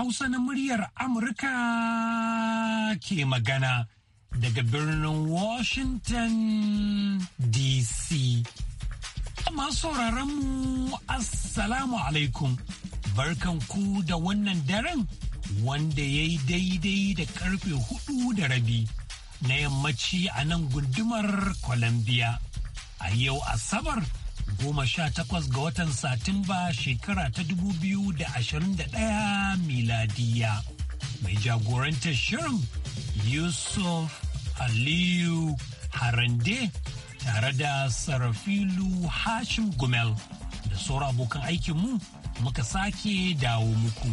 Hausa na muryar Amurka ke magana daga birnin Washington DC. Masu mu Assalamu alaikum, barkan ku da wannan daren wanda ya yi daidai da karfe hudu da rabi na yammaci a nan gundumar Columbia. A yau Asabar goma sha takwas ga watan Satumba shekara ta dubu biyu da ashirin da ɗaya ɗaya miladiya. Mai jagorantar shirin Yusuf Aliyu Harande tare da Sarafilu Hashim Gumel da sauran abokan aikinmu muka sake dawo muku.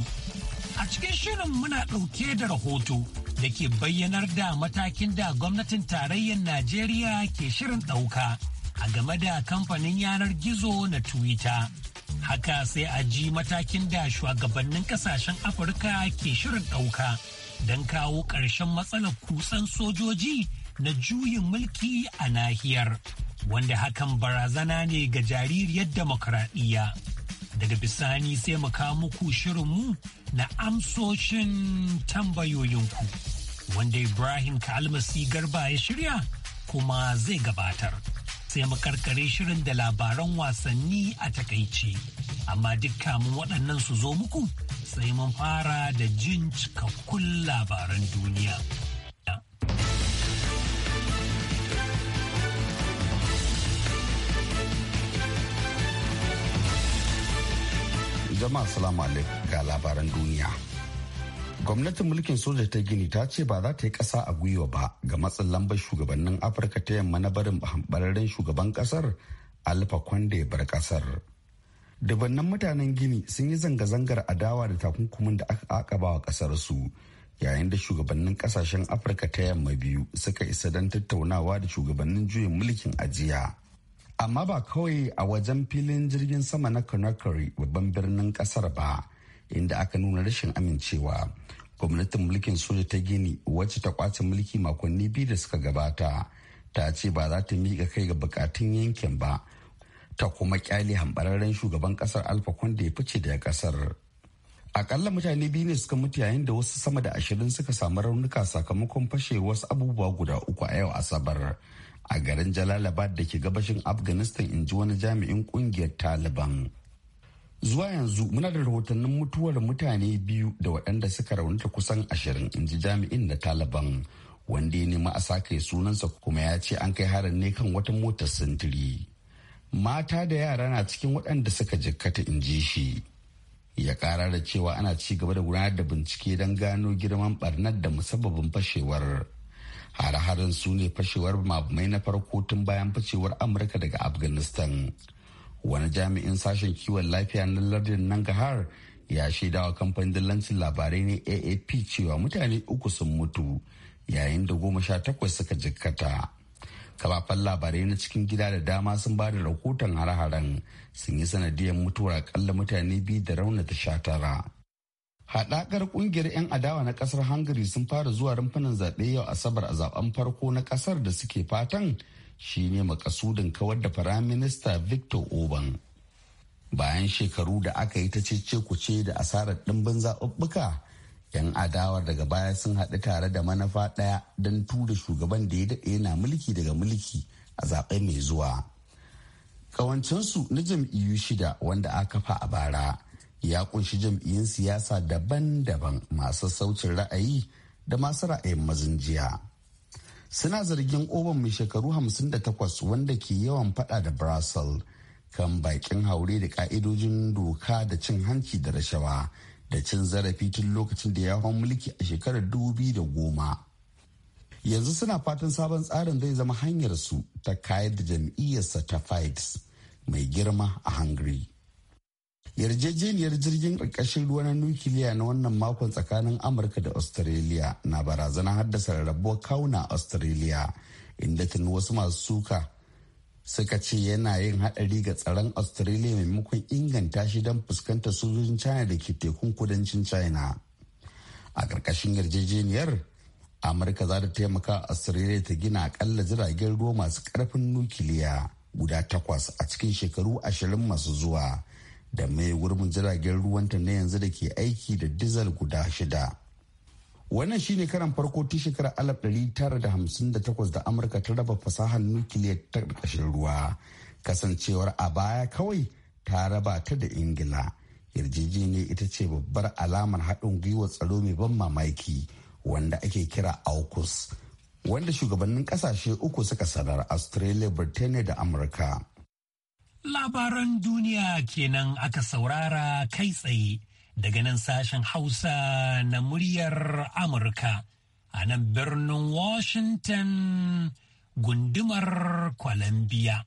A cikin shirin muna ɗauke da rahoto da ke bayyanar da matakin da gwamnatin tarayyar Najeriya ke shirin ɗauka. game da kamfanin yanar gizo na Twitter. Haka sai a ji matakin da shugabannin kasashen Afirka ke shirin ɗauka don kawo ƙarshen matsalar kutsan sojoji na juyin mulki a nahiyar, wanda hakan barazana ne ga jaririyar demokradiyya Daga bisani sai mu kawo muku shirinmu na amsoshin tambayoyinku, wanda Ibrahim Kalmasi Garba ya shirya kuma zai gabatar. sai mu karkare shirin da labaran wasanni a takaici, Amma duk kamun waɗannan su zo muku sai mun fara da jin cikakkun labaran duniya. Jama'a salamu alaikum ga labaran duniya. gwamnatin mulkin soja ta gini ta ce ba za ta yi ƙasa a gwiwa ba ga matsin lambar shugabannin afirka ta yamma na barin bararren shugaban ƙasar alfa kwanda ya bar ƙasar dubannan mutanen gini sun yi zanga-zangar adawa da takunkumin da aka akaba wa ƙasar su yayin da shugabannin ƙasashen afirka ta yamma biyu suka isa don tattaunawa da shugabannin juyin mulkin ajiya amma ba kawai a wajen filin jirgin sama na conakry babban birnin ƙasar ba inda aka nuna rashin amincewa gwamnatin mulkin soja ta gini wacce ta kwace mulki makonni biyu da suka gabata ta ce ba za ta miƙa kai ga bukatun yankin ba ta kuma kyale hambararren shugaban kasar alfa da ya fice daga kasar akalla mutane biyu ne suka mutu yayin da wasu sama da ashirin suka samu raunuka sakamakon fashewar wasu abubuwa guda uku a yau asabar a garin jalalabad da ke gabashin afghanistan in ji wani jami'in kungiyar taliban zuwa yanzu muna da rahotannin mutuwar mutane biyu da waɗanda suka raunata kusan ashirin in ji jami'in da taliban wanda ya nemi a sake sunansa kuma ya ce an kai harin ne kan wata motar sintiri mata da yara na cikin waɗanda suka jikkata in ji shi ya kara da cewa ana ci gaba da gudanar da bincike don gano girman barnar da musabbabin fashewar hare-haren su ne fashewar mabumai na farko tun bayan fashewar amurka daga afghanistan wani jami'in sashen kiwon lafiya na lardin nangahar ya shaidawa kamfanin dillancin labarai ne aap cewa mutane uku sun mutu yayin da goma sha takwas suka jikkata kafafen labarai na cikin gida da dama sun ba da rahoton har-haren sun yi sanadiyar mutuwar akalla mutane biyu da raunata sha tara haɗakar ƙungiyar 'yan adawa na ƙasar hungary sun fara zuwa rumfunan zaɓe yau asabar a zaben farko na ƙasar da suke fatan Shi ne makasudin kawar da firaminista victor oban bayan shekaru da aka yi ta cece da asarar ɗimbin zaɓuɓɓuka 'yan adawar daga baya sun haɗu tare da manufa ɗaya don tura shugaban da ya daɗe yana mulki daga mulki a zaɓe mai zuwa ƙawancinsu na jam'iyyu shida wanda aka kafa a bara ya ƙunshi jam'iyyun siyasa daban-daban masu saucin ra'ayi da masu ra'ayin mazin jiya suna zargin oban mai shekaru 58 wanda ke yawan fada da brasil kan bakin haure da ka'idojin doka da cin hanci da rashawa da cin zarafi tun lokacin da ya hau mulki a shekarar 2010 yanzu suna fatan sabon tsarin zai zama hanyar su ta kayar da jam'iyyarsa ta fights mai girma a hungary yarjejeniyar jirgin ƙarƙashin ruwa na nukiliya na wannan makon tsakanin amurka da australia na barazana haddasa rarrabuwar kauna australia inda tuni wasu masu suka suka ce yana yin haɗari ga tsaron australia maimakon inganta shi don fuskantar sojojin china da ke tekun kudancin china a ƙarƙashin yarjejeniyar amurka za ta taimaka australia ta gina akalla jiragen ruwa masu karfin nukiliya guda takwas a cikin shekaru ashirin masu zuwa da mai gurbin jiragen ruwanta na yanzu da ke aiki da dizal guda shida. Wannan shine karan farko tun shekarar tara da hamsin da da Amurka ta raba fasahar nukiliya ta ƙarƙashin ruwa. Kasancewar a baya kawai ta raba ta da Ingila. Yarjejeniyar ita ce babbar alamar haɗin gwiwar tsaro mai ban mamaki wanda ake kira AUKUS. Wanda shugabannin ƙasashe uku suka sanar Australia, Birtaniya da Amurka. Labaran duniya kenan aka saurara kai tsaye daga nan sashen Hausa na muryar Amurka a nan birnin Washington gundumar Columbia.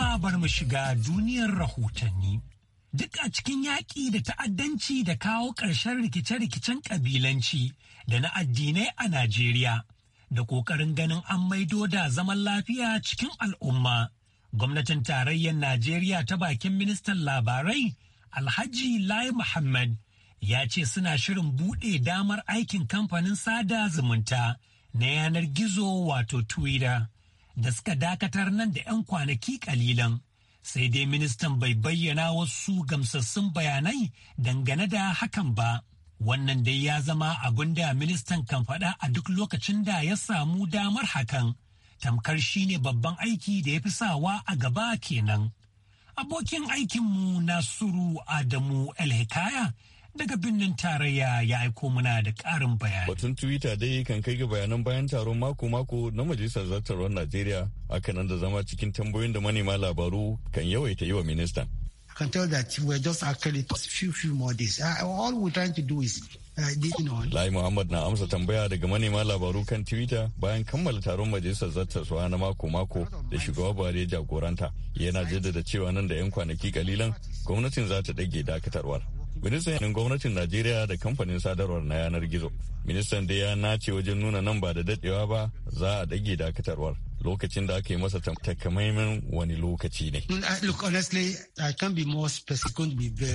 kuma bar mu shiga duniyar rahotanni. Duk a cikin yaƙi da ta'addanci da kawo ƙarshen rikice-rikicen ƙabilanci da na addinai a Najeriya, da ƙoƙarin ganin an maido da zaman lafiya cikin al'umma. Gwamnatin tarayyar Najeriya ta bakin ministan labarai Alhaji Lai Muhammad ya ce suna shirin buɗe damar aikin kamfanin sada zumunta na yanar gizo wato Twitter. da suka dakatar nan da 'yan kwanaki kalilan sai dai ministan bai bayyana wasu gamsassun bayanai dangane da hakan ba wannan dai ya zama abin da ministan kan faɗa a duk lokacin da ya samu damar hakan tamkar shi ne babban aiki da ya fi sawa a gaba kenan abokin aikinmu nasiru adamu el hikaya daga birnin tarayya ya aiko muna da karin bayani. Batun Twitter dai kan kai ga bayanan bayan taron mako-mako na Majalisar Zartarwar Najeriya a nan da zama cikin tambayoyin da manema labaru kan yawaita yi wa minista. I can Lai Muhammad na amsa tambaya daga manema labaru kan Twitter bayan kammala taron majalisar suwa na mako-mako da shugaba Buhari jagoranta. Yana jaddada cewa nan da 'yan kwanaki kalilan gwamnatin za ta ɗage dakatarwar. ministan gwamnatin najeriya da kamfanin sadarwar na yanar gizo ministan da ya nace wajen nuna nan ba da dadewa ba za a dage dakatarwar lokacin da aka yi masa takamaiman wani lokaci ne. Mm,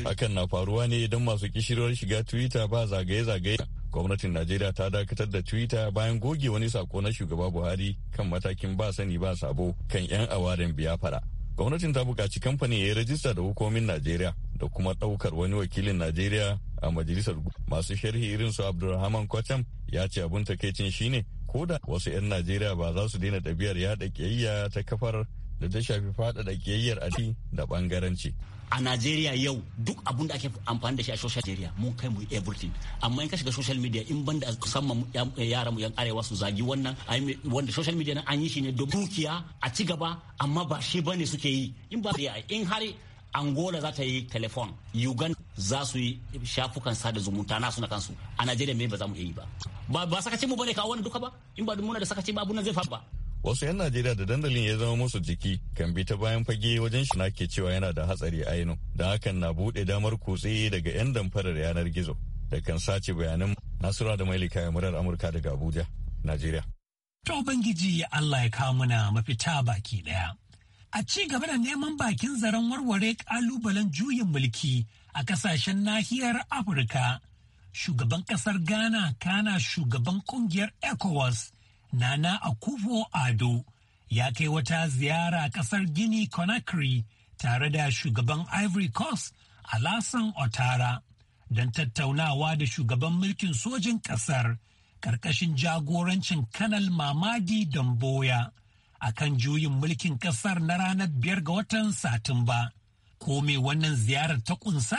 Hakan na faruwa ne don masu kishirwar shiga Twitter ba zagaye-zagaye. Gwamnatin Najeriya ta dakatar da Twitter bayan goge wani sako na shugaba Buhari kan matakin ba sani ba sabo kan 'yan biya biyafara. Gwamnatin ta buƙaci kamfanin ya yi rajista da hukumomin Najeriya da kuma ɗaukar wani wakilin Najeriya a majalisar masu sharhi irin su Abdulrahman Kwacham ya ce abin takaicin shine ko da wasu 'yan Najeriya ba za su daina ɗabi'ar yaɗa ƙiyayya ta kafar da ta shafi faɗaɗa ƙiyayyar a da ɓangaranci. a Najeriya yau duk abun da ake amfani da shi a social media mun kai mu everything amma in ka shiga social media in banda musamman eh, yara mu yan arewa su zagi wannan wanda social media na an yi shi ne don dukiya a ci gaba amma ba shi bane suke yi in ba in har angola za ta yi telefon uganda za su yi shafukan sada zumunta na suna kansu a najeriya mai ba za mu yi ba ba ba sakacin mu bane kawo wani duka ba in ba muna da sakaci ba zai faru ba wasu 'yan najeriya da dandalin ya zama musu jiki kan bi ta bayan fage wajen shi na ke cewa yana da hatsari a aino da hakan na buɗe damar kutse daga 'yan damfarar yanar gizo da kan sace bayanan nasura da mailika ya murar amurka daga abuja najeriya ta ubangiji allah ya kawo mana mafita baki daya a ci gaba da neman bakin zaren warware kalubalen juyin mulki a kasashen nahiyar afirka shugaban kasar ghana kana shugaban kungiyar ecowas nana akufo ado ya kai wata ziyara kasar gini conakry tare da shugaban ivory coast alasan otara don tattaunawa da shugaban mulkin sojin kasar karkashin jagorancin kanal mamadi damboya. a kan juyin mulkin kasar na ranar biyar ga watan Satumba. Ko me wannan ziyarar ta kunsa?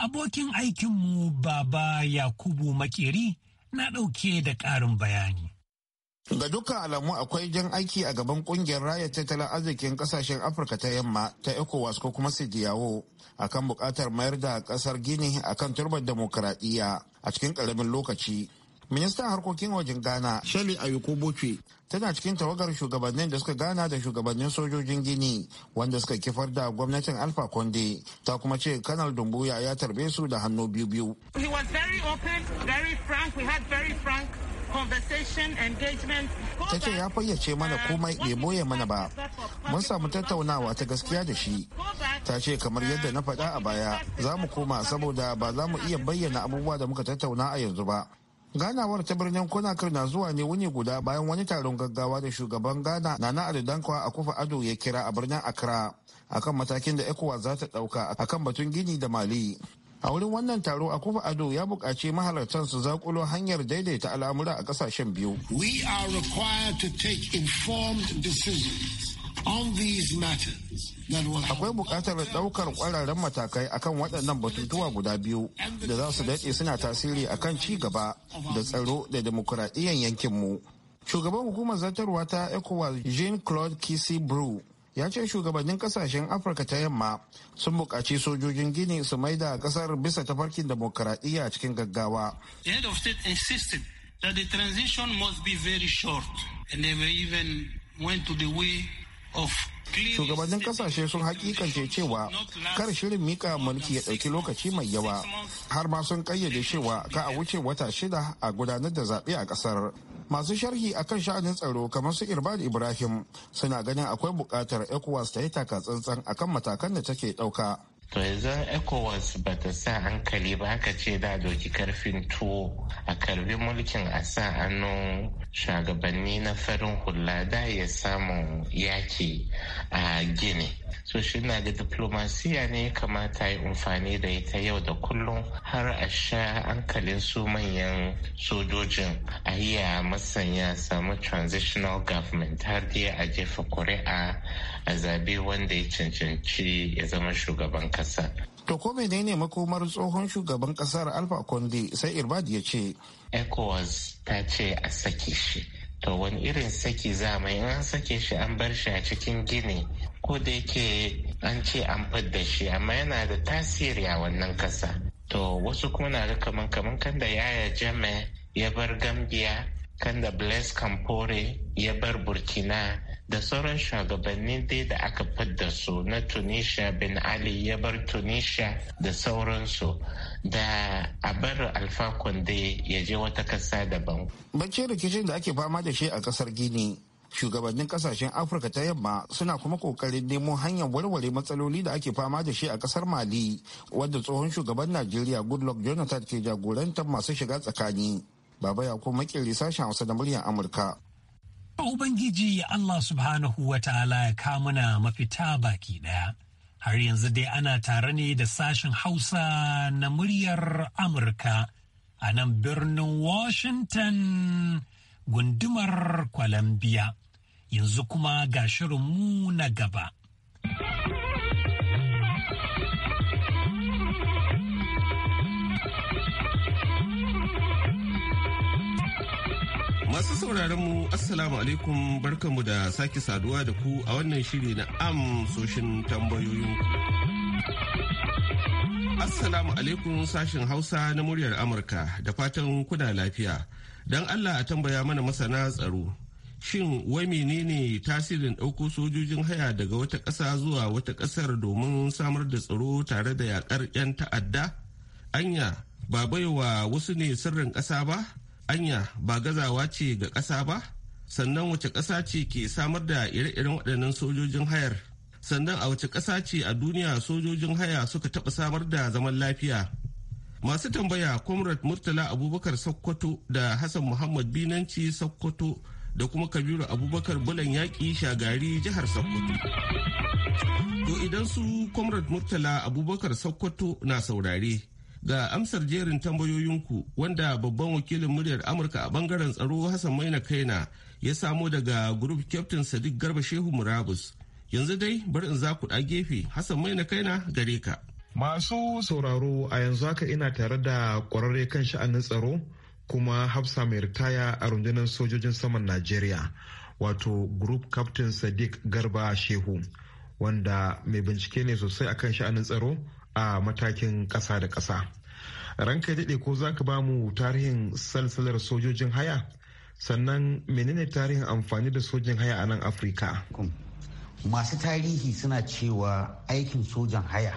Abokin aikinmu Baba Yakubu Makeri na ɗauke da ƙarin bayani. Ga dukkan alamu akwai jan aiki a gaban kungiyar raya tattalin arzikin kasashen Afirka ta yamma ta ECOWAS ko kuma Sidiyawo akan bukatar mayar da kasar Gini kan turbar demokuraɗiyya a cikin ƙaramin lokaci. ministan harkokin wajen ghana shali ayuko boce tana cikin tawagar shugabannin da suka gana da shugabannin sojojin gini wanda suka kifar da gwamnatin alfa konde ta kuma ce kanal dumbuya ya tarbe su da hannu biyu biyu ta ce ya fayyace mana komai bai boye mana ba mun samu tattaunawa ta gaskiya da shi ta ce kamar yadda na faɗa a baya za mu koma saboda ba za mu iya bayyana abubuwa da muka tattauna a yanzu ba ganawar ta birnin konakir na zuwa ne wuni guda bayan wani taron gaggawa da shugaban ghana na adudankwa a kufa ado ya kira a birnin accra akan matakin da ecowas za ta dauka akan batun gini da mali a wurin wannan taro a kufa ado ya bukaci mahalartan su zakulo hanyar daidaita al'amura a ƙasashen biyu we are required to take informed decisions Akwai buƙatar daukar kwararren matakai akan waɗannan batutuwa guda biyu da za su daɗe suna tasiri akan ci gaba da tsaro da demokuraɗiyyar yankinmu. Shugaban hukumar zartarwa ta ECOWAS Jean-Claude Kisi Brew ya ce shugabannin kasashen afirka ta yamma sun buƙaci sojojin gini su maida ƙasar bisa tafarkin demokuraɗiyya cikin gaggawa. The head of that the transition must be very short and they even went to the way of shugabannin kasashe sun hakikance cewa kar shirin mika mulki ya ɗauki lokaci mai yawa har ma sun kayyade cewa ka a wuce wata shida a gudanar da zaɓe a ƙasar masu sharhi akan sha'anin tsaro kamar su irbad ibrahim suna ganin akwai buƙatar ecowas ta yi takatsantsan akan matakan da take ɗauka to yanzu ecowas ba ta sa hankali ba aka ce da doki karfin tuwo a karbi mulkin a sa hannun shugabanni na farin hula da ya samun yaki a gini so shi na da diplomasiya ne kamata yi amfani da ita yau da kullum har a sha hankalin su manyan sojojin a iya masanya samu transitional government har da a jefa kuri'a a zabe wanda ya cancanci ya zama shugaban kasa. To ko menene makomar tsohon shugaban kasar Alpha Conde sai Irbad ya ce. ECOWAS ta ce a sake shi. To wani irin saki za mai in an sake shi an bar shi a cikin gini ko da yake an ce an fadda shi amma yana da tasiri a wannan kasa. To wasu kuma na ga kaman kaman kan da yaya jame ya bar Gambia kan da Blaise Campore ya bar Burkina da sauran shugabanni dai da aka fidda su na tunisia bin ali ya bar tunisia da sauransu da a bar alfakon dai ya je wata kasa daban. bacci rikicin da ake fama da shi a kasar gini shugabannin kasashen afirka ta yamma suna kuma kokarin nemo hanyar warware matsaloli da ake fama da shi a kasar mali wadda tsohon shugaban najeriya goodluck jonathan ke jagorantar masu shiga tsakani baba ya kuma makeri sashen hausa da muryar amurka Ubangiji Allah subhanahu wa ta'ala ya na mafita baki ɗaya. Har yanzu dai ana tare ne da sashen Hausa na muryar Amurka a nan birnin Washington gundumar Columbia. Yanzu kuma ga shirinmu na gaba. Masu sauraron mu Assalamu alaikum barkanmu da sake saduwa da ku a wannan shiri na amsoshin tambayoyin. Assalamu alaikum sashin Hausa na muryar Amurka da fatan kuna lafiya. Don Allah a tambaya mana masana tsaro. Shin wai menene tasirin ɗauko sojojin haya daga wata ƙasa zuwa wata ƙasar domin samar da tsaro tare da yaƙar 'yan ta'adda? Anya, ba baiwa wasu ne sirrin ƙasa ba? anya ba gazawa ce ga ƙasa ba sannan wace ƙasa ce ke samar da ire-iren waɗannan sojojin hayar sannan a wace ƙasa ce a duniya sojojin haya suka taɓa samar da zaman lafiya masu tambaya comrade murtala abubakar sokoto da hassan muhammad binanci sokoto da kuma kabiru abubakar bulan yaƙi shagari jihar sokoto to idan su comrade murtala abubakar sokoto na saurare Ga amsar jerin tambayoyinku wanda babban wakilin muryar Amurka a bangaren tsaro Hassan Maina Kaina ya samo daga Group Captain Sadiq Garba Shehu Murabus. Yanzu dai bari in za ku ɗa gefe Hassan Maina Kaina gare ka. Masu sauraro a yanzu haka ina tare da kwararre kan sha'anin tsaro kuma hafsa mai ritaya a rundunar sojojin saman Najeriya wato Group Captain Sadiq Garba Shehu wanda mai bincike ne sosai akan sha'anin tsaro a matakin ƙasa da ƙasa. ranka daɗe ko za ka ba mu tarihin salsalar sojojin haya sannan menene tarihin amfani da sojin haya a nan afirka masu tarihi suna cewa aikin sojan haya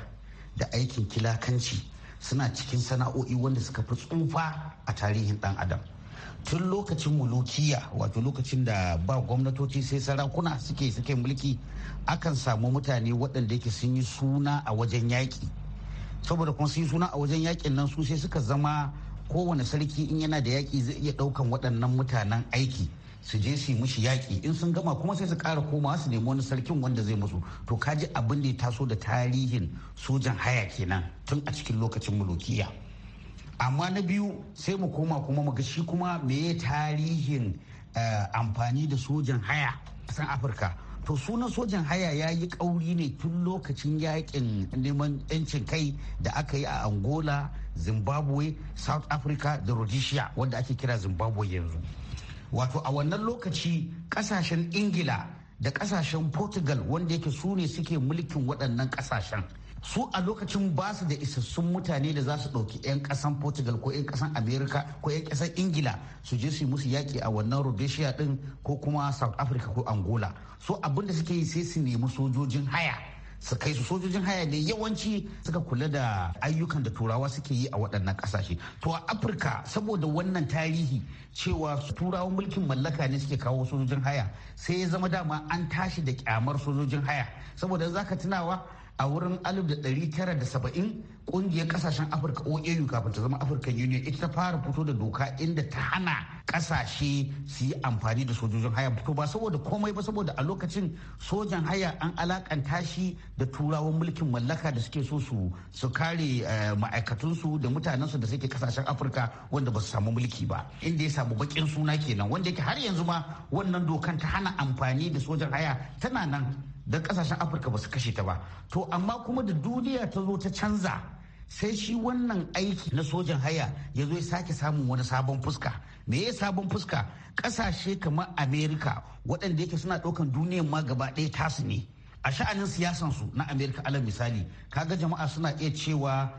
da aikin kilakanci suna cikin sana'o'i wanda suka fi tsufa a tarihin dan adam tun lokacin mulukiya wato lokacin da ba gwamnatoci sai sarakuna suke suke mulki akan samu mutane waɗanda yake sun yi suna a wajen yaƙi saboda kuma sun suna a wajen yakin nan su sai suka zama kowane sarki in yana da yaki zai iya daukan waɗannan mutanen aiki su je su yi mushi yaki in sun gama kuma sai su ƙara komawa su nemi wani sarkin wanda zai musu to kaji abin da ya taso da tarihin sojan haya kenan tun a cikin lokacin mulukiya amma na biyu sai mu koma kuma mu ga shi kuma meye tarihin eh, amfani da sojan haya a san afirka to sunan sojan haya ya yi kauri ne tun lokacin yakin neman 'yancin kai da aka yi a angola zimbabwe south africa da rhodesia wanda ake kira zimbabwe yanzu wato a wannan lokaci kasashen ingila da kasashen portugal wanda yake su ne suke mulkin waɗannan kasashen su a lokacin ba su da isassun mutane da za su ɗauki 'yan ƙasan portugal ko 'yan ƙasan america ko 'yan ƙasan ingila su je su yi musu yaƙi a wannan rhodesia ɗin ko kuma south africa ko angola so abin da suke yi sai su nemi sojojin haya su kai su sojojin haya ne yawanci suka kula da ayyukan da turawa suke yi a waɗannan ƙasashe to a afirka saboda wannan tarihi cewa turawan mulkin mallaka ne suke kawo sojojin haya sai ya zama dama an tashi da kyamar sojojin haya saboda za ka tunawa a wurin 1970 kungiyar kasashen afirka oau kafin ta zama african union ita ta fara fito da doka inda ta hana kasashe su yi amfani da sojojin haya To ba saboda komai ba saboda a lokacin sojan haya an alakanta shi da turawan mulkin mallaka da suke so su su kare eh, ma'aikatunsu da mutanensu da suke kasashen afirka wanda ba su samu mulki ba inda ya samu bakin suna kenan wanda yake har yanzu ma wannan dokan ta hana amfani da sojan haya tana nan don kasashen afirka basu kashe ta ba to amma kuma da duniya ta zo ta canza sai shi wannan aiki na sojan haya ya zo ya sake samun wani sabon fuska me ya sabon fuska kasashe kamar Amerika waɗanda yake suna ɗaukan duniyan ma gaba ɗaya tasu ne a sha'anin su na Amerika alal misali kaga jama'a suna iya cewa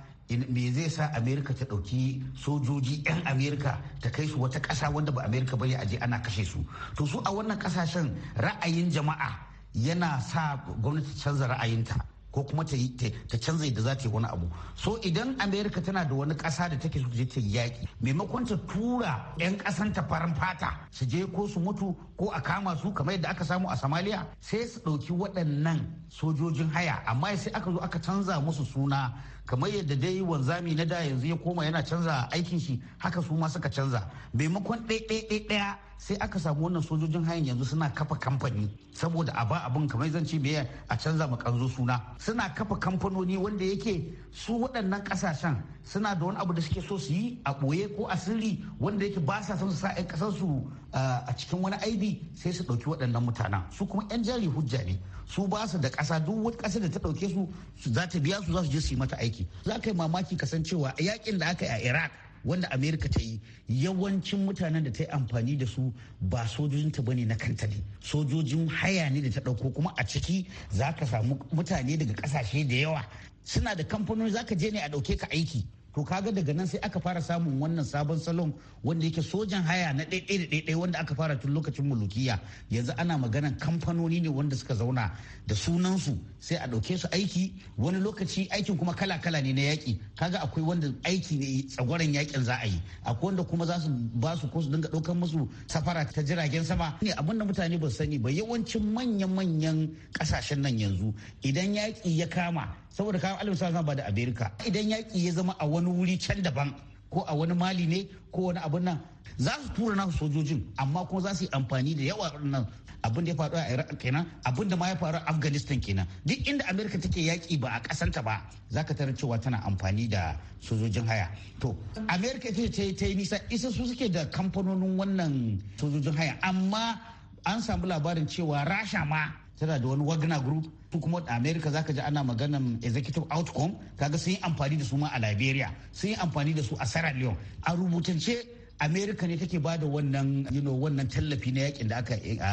me zai sa amerika ta ɗauki sojoji 'yan amerika ta kai su wata ƙasa wanda ba amerika bane aje ana kashe su to su a wannan ƙasashen ra'ayin jama'a yana sa gwamnati canza ra'ayinta ko kuma ta canza yadda za ta yi wani abu so idan amerika tana da wani ƙasa da take je ta yi yaƙi maimakon ta tura 'yan ƙasan ta farin fata su je ko su mutu ko a kama su kamar yadda aka samu a somalia sai su ɗauki waɗannan sojojin haya amma sai aka zo aka canza musu suna kamar yadda dai wanzami na da yanzu ya koma yana canza aikin shi haka su ma suka canza maimakon ɗaya sai aka samu wannan sojojin hayan yanzu suna kafa kamfani saboda a ba abin kamar zan ce me a canza ma kanzo suna suna kafa kamfanoni wanda yake su waɗannan ƙasashen suna da wani abu da suke so su yi a ɓoye ko a sirri wanda yake ba sa son su sa 'yan ƙasar su a cikin wani aibi sai su ɗauki waɗannan mutanen su kuma 'yan jari hujja ne su ba su da ƙasa duk wata ƙasa da ta ɗauke su za ta biya su za su je su yi mata aiki za ka yi mamaki kasancewa a yakin da aka yi a iraq wanda amerika ta yi yawancin mutanen da ta yi amfani da su ba sojojin sojojinta bane na kanta ne sojojin haya ne da ta ɗauko kuma a ciki za ka samu mutane daga ƙasashe da yawa suna da kamfanoni za ka je ne a ɗauke ka aiki to kaga daga nan sai aka fara samun wannan sabon salon wanda yake sojan haya na ɗaiɗai da ɗaiɗai wanda aka fara tun lokacin mulukiya yanzu ana magana kamfanoni ne wanda suka zauna da sunansu sai a ɗauke su aiki wani lokaci aikin kuma kala kala ne na yaƙi kaga akwai wanda aiki ne tsagoran yaƙin za a yi akwai wanda kuma za su ba su ko su dinga ɗaukan musu safara ta jiragen sama ne abin da mutane ba su sani ba yawancin manyan manyan ƙasashen nan yanzu idan yaƙi ya kama saboda kayan sa wasallam ba da amerika idan yaƙi ya zama a wani wuri can daban ko a wani mali ne ko wani abun nan za su tura nasu sojojin amma kuma za su yi amfani da yawa nan abin da ya faru a iraq kenan abin da ma ya faru a afghanistan kenan duk inda amerika take yaƙi ba a kasanta ba za ka tarar cewa tana amfani da sojojin haya to amerika ita ce ta yi nisa isa su suke da kamfanonin wannan sojojin haya amma an samu labarin cewa rasha ma tana da wani wagner group ko kuma america za ka ji ana maganan executive outcome kaga sun yi amfani da su ma a liberia sun yi amfani da su a sierra leone a rubutance america ne take bada wannan you know, wannan tallafi na yakin da aka a,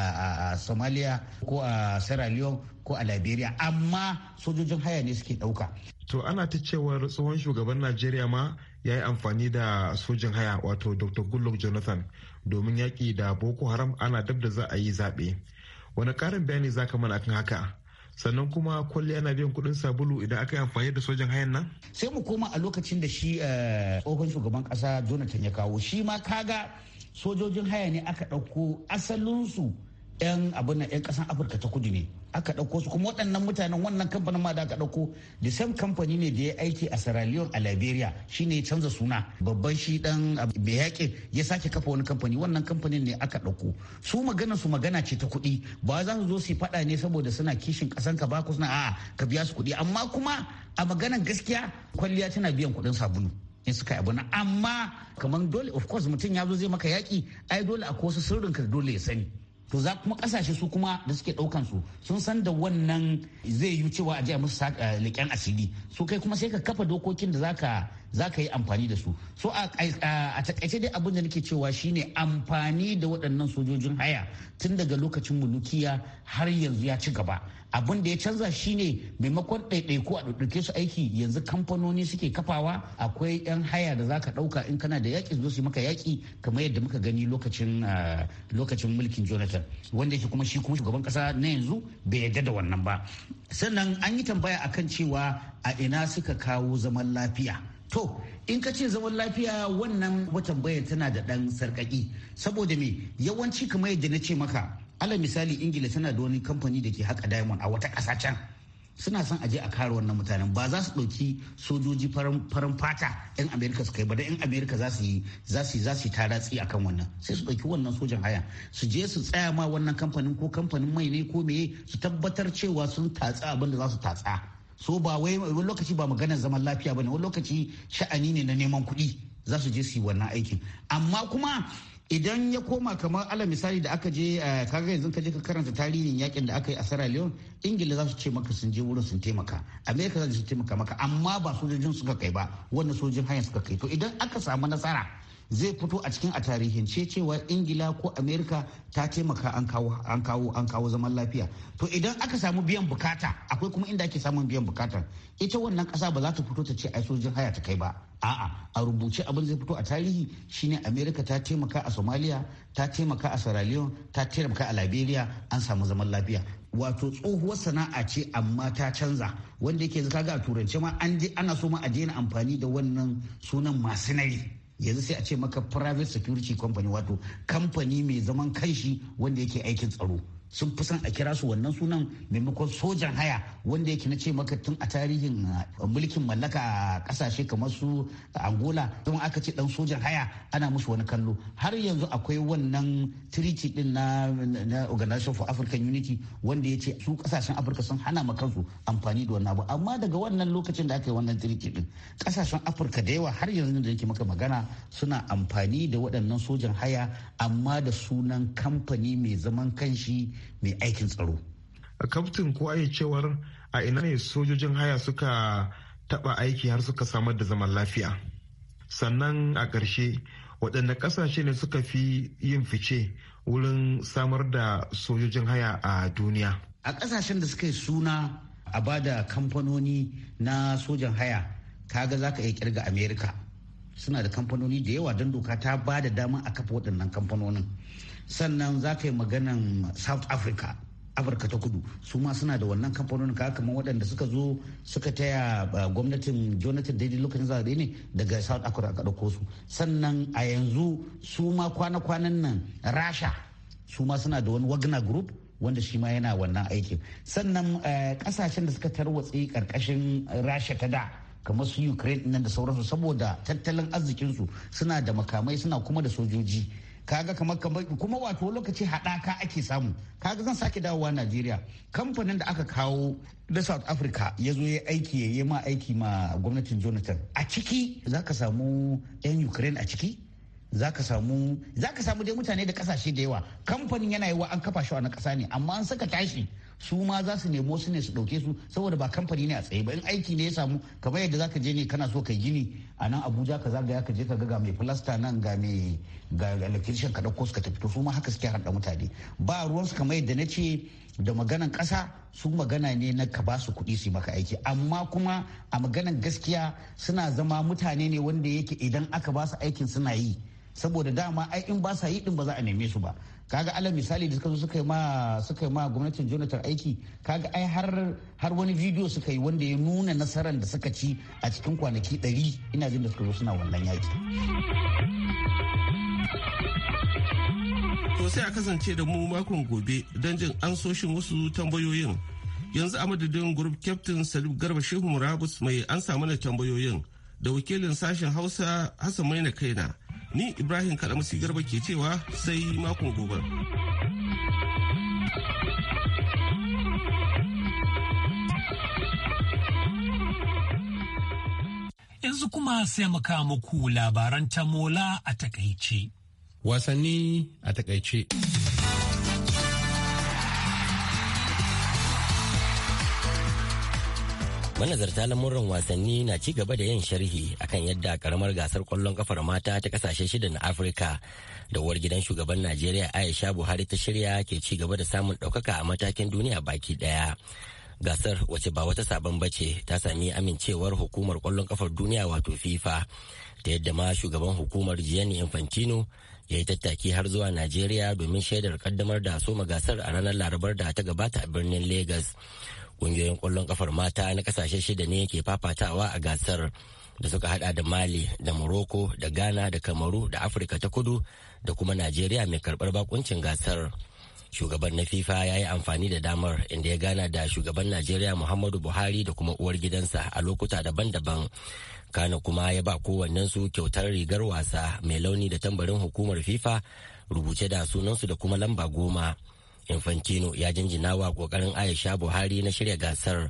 a, somalia ko a sierra leone ko a liberia amma sojojin haya ne suke dauka to ana ta cewar tsohon shugaban najeriya ma ya yi amfani da sojin haya wato dr goodluck jonathan domin yaki da boko haram ana dab da za a yi zaɓe wani ƙarin bayani za ka mana kan haka sannan kuma kwalliya ana biyan kuɗin sabulu idan aka yi amfani da sojan hayan nan? Sai mu koma a lokacin da shi eh, tsohon shugaban kasa Jonathan ya kawo shi ma kaga sojojin haya ne aka ɗauko asalinsu 'yan abin 'yan ƙasan Afirka ta kudu ne. aka ɗauko su kuma waɗannan mutanen wannan kamfanin ma da aka ɗauko the same company ne da ya aiki a Sierra a Liberia shine ya canza suna babban shi dan ah, yake ya sake kafa wani kamfani wannan kamfanin ne aka ɗauko su magana su magana ce ta kuɗi ba za su zo su faɗa ne saboda suna kishin ƙasan ka ba ku suna a ka biya su kuɗi amma kuma a maganan gaskiya kwalliya tana biyan kuɗin sabulu in suka yi abuna amma kamar dole of course mutum ya zo zai maka yaƙi ai dole a wasu ka dole ya sani to za kuma kasashe su kuma da suke daukan su sun san da wannan zai yi cewa a je musu leƙen asiri su kai kuma sai ka kafa dokokin da zaka za ka yi amfani da su so a takaice dai abin da nake cewa shine amfani da waɗannan sojojin haya tun daga lokacin mulukiya har yanzu ya ci gaba abin da ya canza shine maimakon ɗaiɗai ko a ɗauke su aiki yanzu kamfanoni suke kafawa akwai 'yan haya da zaka ɗauka in kana da yaƙi zo su maka yaƙi kamar yadda muka gani lokacin lokacin mulkin jonathan wanda yake kuma shi kuma shugaban ƙasa na yanzu bai yarda da wannan ba sannan an yi tambaya akan cewa a ina suka kawo zaman lafiya to in ka ce zaman lafiya wannan watan bayan tana da ɗan sarkaki saboda me yawanci kamar yadda na ce maka ala misali ingila tana da wani kamfani da ke haka diamond a wata ƙasa can suna son aje a kare wannan mutanen ba za su ɗauki sojoji farin fata 'yan amerika su kai ba da 'yan amerika za su yi za su za su taratsi akan wannan sai su ɗauki wannan sojan haya su je su tsaya ma wannan kamfanin ko kamfanin mai ne ko meye su tabbatar cewa sun tatsa abin da za su tatsa so ba wai wani lokaci ba maganar zaman lafiya ba ne wani lokaci sha'ani ne na neman kuɗi za su je su yi wannan aikin amma kuma idan ya koma kamar ala misali da aka je eh, kaga yanzu ka je ka karanta tarihin yakin da aka yi a Sierra Leone Ingila za su ce maka sun je wurin sun taimaka Amerika za su taimaka maka amma ba sojojin suka kai ba wannan sojojin hanyar suka kai to idan aka samu nasara zai fito a cikin a tarihin ce cewa ingila ko amerika ta taimaka an kawo an kawo zaman lafiya to idan aka samu biyan bukata akwai kuma inda ake samun biyan bukata ita wannan kasa ba za ta fito ta ce ai sojin haya ta kai ba a'a a rubuce abin zai fito a tarihi shine amerika ta taimaka a somalia ta taimaka a sierra leone ta taimaka a liberia an samu zaman lafiya wato tsohuwar sana'a ce amma ta canza wanda yake zaka a turance ma an ana so ma a daina amfani da wannan sunan masinari yanzu sai a ce maka private security company wato kamfani mai zaman kanshi wanda yake aikin tsaro sun fi son a kira su wannan sunan maimakon sojan haya wanda yake na ce maka tun a tarihin uh, mulkin mallaka a kasashe kamar su angola don aka ce dan sojan haya ana musu wani kallo har yanzu akwai wannan triti din na, organization for african unity wanda ya ce su kasashen afirka sun hana ma kansu amfani da wannan abu amma daga wannan lokacin da aka yi wannan triti din kasashen afirka da yawa har yanzu da yake maka magana suna amfani da waɗannan sojan haya amma da sunan kamfani mai zaman kanshi mai aikin tsaro. kaftin ko ai cewar a ina ne sojojin haya suka taba aiki har suka samar da zaman lafiya sannan a ƙarshe waɗanne ƙasashe ne suka fi yin fice wurin samar da sojojin haya a duniya a ƙasashen da suka yi suna a bada kamfanoni na sojan haya kaga za ka iya kirga amerika suna da kamfanoni da yawa don doka ta ba da dama a kafa waɗannan kamfanonin sannan za ka yi maganan south africa afirka ta kudu su ma suna da wannan kamfanonin ka kamar waɗanda suka zo suka taya gwamnatin jonathan daidai lokacin zaɓe ne daga south africa ka ɗauko su sannan a yanzu su ma kwana-kwanan nan rasha su ma suna da wani wagner group wanda shi ma yana wannan aikin sannan kasashen eh, da suka tarwatse karkashin rasha ta da kamar su ukraine nan da sauransu saboda tattalin arzikinsu suna da makamai suna kuma da sojoji kaga kamar kamar kuma wato lokaci haɗaka ake samu kaga zan sake dawowa najeriya kamfanin da aka kawo da south africa ya zo ya aiki ya yi ma aiki ma gwamnatin jonathan a ciki za ka samu 'yan ukraine a ciki za ka samu dai mutane da kasashe da yawa kamfanin yana wa an kafa shi a na kasa ne amma an saka tashi su ma za su nemo su ne su dauke su saboda ba kamfani ne a tsaye ba in aiki ne ya samu kamar yadda zaka je ne kana so ka gini a nan abuja ka zagaya ka je ka ga ga mai plasta nan ga mai ga electrician ka dauko su ka tafi to su ma haka suke harɗa mutane ba ruwansu kamar yadda na ce da maganan ƙasa su magana ne na ka ba su kuɗi su yi maka aiki amma kuma a maganan gaskiya suna zama mutane ne wanda yake idan aka ba su aikin suna yi saboda dama ai in ba sa yi din ba za a neme su ba kaga alal misali da suka suka yi ma suka ma gwamnatin jonathan aiki kaga ai har wani video suka yi wanda ya nuna nasarar da suka ci a cikin kwanaki ɗari ina jin da suka zo suna wannan yaki to sai a kasance da mu makon gobe don jin ansoshin wasu tambayoyin yanzu a madadin group captain salim garba shehu murabus mai an samu na tambayoyin da wakilin sashen hausa hassan maina kaina Ni Ibrahim Kalamusi Garba ke cewa sai makon gobe. Yanzu kuma sai muka muku labaran tamola a takaice. Wasanni a takaice. manazarta lamuran wasanni na ci gaba da yin sharhi akan yadda karamar gasar kwallon kafar mata ta kasashe shida na afirka da uwar gidan shugaban najeriya aisha buhari ta shirya ke ci gaba da samun ɗaukaka a matakin duniya baki ɗaya gasar wace ba wata sabon bace ta sami amincewar hukumar kwallon kafar duniya wato fifa ta yadda ma shugaban hukumar jiyani infantino ya yi tattaki har zuwa najeriya domin shaidar kaddamar da soma gasar a ranar larabar da ta gabata a birnin lagos Ƙungiyoyin ƙwallon kafar mata na kasashe shida ne ke fafatawa a gasar da suka hada da Mali da Morocco da Ghana da Kamaru da Afirka ta kudu da kuma Najeriya mai karɓar bakuncin gasar. shugaban na fifa ya yi amfani da damar inda ya gana da shugaban najeriya muhammadu buhari da kuma uwar gidansa a lokuta daban-daban kana kuma ya ba kowannensu kyautar rigar wasa mai launi da tambarin hukumar fifa rubuce da sunansu da kuma lamba goma infantino ya jinjina wa kokarin aisha buhari na shirya gasar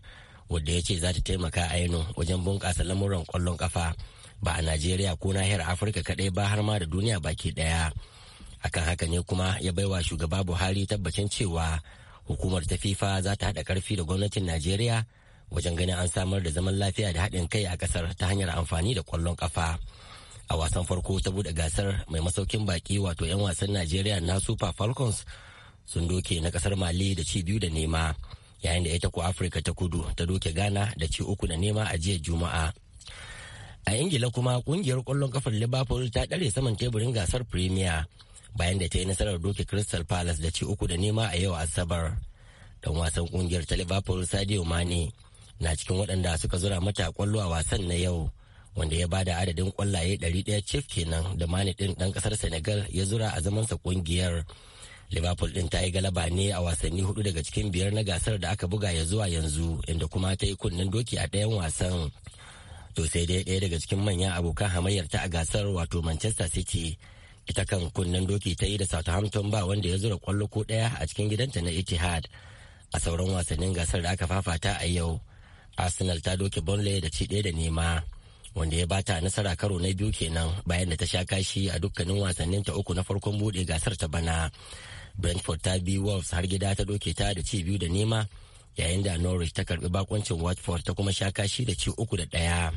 wadda ya ce za ta taimaka aino wajen bunƙasa lamuran kwallon kafa ba a najeriya ko nahiyar afirka kaɗai ba har ma da duniya baki ɗaya akan haka ne kuma ya baiwa shugaba buhari tabbacin cewa hukumar ta fifa za ta haɗa karfi da gwamnatin najeriya wajen ganin an samar da zaman lafiya da haɗin kai a ƙasar ta hanyar amfani da kwallon kafa a wasan farko ta buɗe gasar mai masaukin baki wato 'yan wasan najeriya na super falcons sun doke na kasar mali da ci biyu da nema yayin da ita ko afirka ta kudu ta doke ghana da ci uku da nema a jiya juma'a a ingila kuma kungiyar kwallon kafar liverpool ta dare saman teburin gasar premier bayan da ta yi nasarar doke crystal palace da ci uku da nema a yau asabar dan wasan kungiyar ta liverpool sadio mane na cikin waɗanda suka zura mata kwallo a wasan na yau wanda ya bada adadin kwallaye 100 cif kenan da mane din dan kasar senegal ya zura a zaman sa kungiyar liverpool din ta yi galaba ne a wasanni hudu daga cikin biyar na gasar da aka buga ya zuwa yanzu inda kuma ta yi kunnen doki a ɗayan wasan to sai dai daya daga cikin manyan abokan hamayyar ta a gasar wato manchester city ita kan kunnen doki ta yi da southampton ba wanda ya zura kwallo ko ɗaya a cikin gidanta na etihad a sauran wasannin gasar da aka fafata a yau arsenal ta doke burnley da ci ɗaya da nema wanda ya bata nasara karo na biyu kenan bayan da ta sha kashi a dukkanin wasannin ta uku na farkon buɗe gasar ta bana brentford ta bi wolves har gida ta doke ta da ci biyu da nema yayin da norwich ta karbi bakoncin watford ta kuma sha kashi da ci uku da ɗaya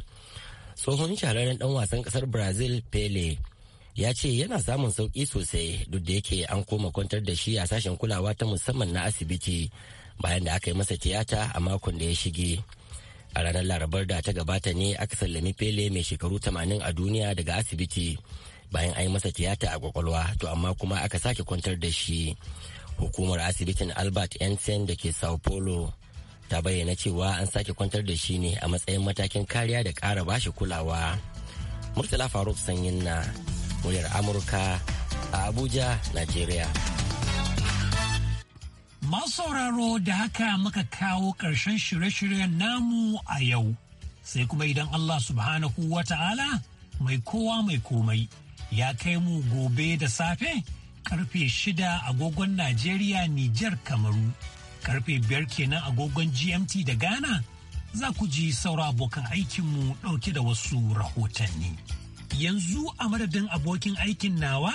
tsohon shahararren dan wasan kasar brazil pele ya ce yana samun sauki sosai duk da yake an koma kwantar da shi a sashen kulawa ta musamman na asibiti bayan da aka yi masa tiyata a makon da ya shige a ranar larabar da ta gabata ne aka sallami pele mai shekaru 80 a duniya daga asibiti bayan an yi masa tiyata a kwakwalwa to amma kuma aka sake kwantar da shi hukumar asibitin albert ensign da ke sao paulo ta bayyana cewa an sake kwantar da shi ne a matsayin matakin kariya da kara bashi kulawa murtala faruk sanyin na muryar amurka a abuja nigeria masu sauraro da haka muka kawo ƙarshen shirye-shiryen namu a yau sai kuma idan allah subhanahu wa ta'ala mai kowa mai komai ya kai mu gobe da safe karfe shida agogon Najeriya Nijar Kamaru, karfe biyar kenan agogon GMT da Ghana za ku ji saura abokan aikinmu ɗauke da wasu rahotanni. Yanzu a madadin abokin aikin nawa,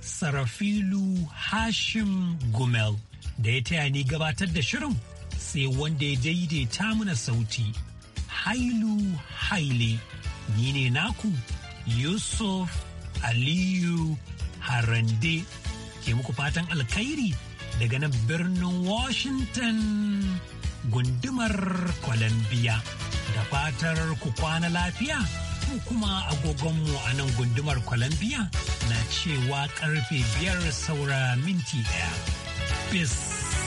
Sarafilu Hashim Gumel da ya taya ni gabatar da shirin sai wanda ya daidaita mana sauti. Hailu Haile, ni ne naku Yusuf Aliyu Harande ke muku fatan alkhairi daga nan birnin Washington gundumar Columbia. Da fatar ku kwana lafiya ku kuma agogonmu a nan gundumar Columbia na cewa karfe biyar saura minti daya. Peace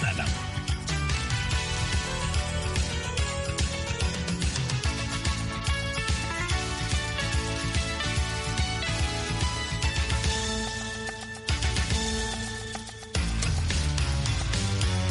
salam.